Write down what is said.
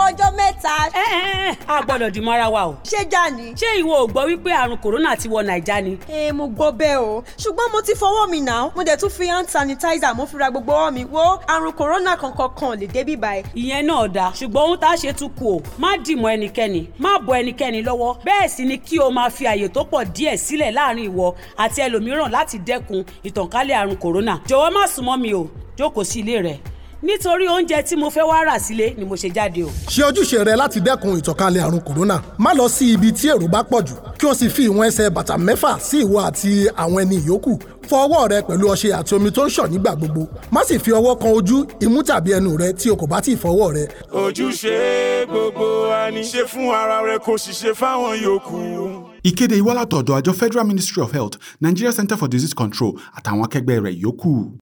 fún ọjọ́ mẹ́ta. ẹ ẹ ẹ a gbọ́dọ̀ dì mọ́ ara wa o. ṣé jà ni. ṣé ìwọ ò gbọ́ wípé àrùn kòrónà ti wọ nàìjà ni. ẹ mo gbọ́ bẹ́ẹ̀ o ṣùgbọ́n mo ti fọwọ́ mi náà mo dẹ̀ tún fi hand sanitizer mo fi ra gbogbo ọwọ́ mi wo àrùn kòrónà kankan kan lè débi báyìí. ìyẹn náà dáa ṣùgbọ́n ohun tá a ṣe tún kù o má dì mọ́ ẹnikẹ́ni má bọ́ ẹnikẹ́ni lọ́wọ́ bẹ́ẹ̀ sì ni kí o máa fi àyè tó pọ̀ díẹ̀ sílẹ̀ láàrin ìwọ àti ẹlòmíràn láti dẹ́kun ìtànkálẹ̀ àrùn kòrónà jọ̀wọ́ má súnmọ́ mi o jókòó sí ilé rẹ̀ nítorí oúnjẹ tí mo fẹ́ wá rà sílé ni mo ṣe jáde o. ṣe ojúṣe rẹ láti dẹ́kun ìtànkalẹ̀ àrùn kòrónà má lọ sí ibi tí èrò bá pọ̀ jù kí o sì fi ìwọ̀n ẹsẹ̀ bàtà mẹ́fà sí ìwọ àti àwọn ẹni ìyókù fọ ọwọ́ rẹ pẹ̀lú ọṣẹ àti omi tó ń ṣàn nígbà gbogbo má sì fi ọwọ́ kan ojú imú tàbí ẹnu rẹ tí o kò bá ti fọwọ́ rẹ. ojúṣe gbogbo wa ṣe fún ara rẹ kò sì ṣe fáwọn yòókù. ìkéde ìwọ́látọ̀dọ̀ àjọ Federal Ministry of Health Nigeria Center for Disease Control àtàwọn akẹgbẹ́ rẹ̀ yòókù.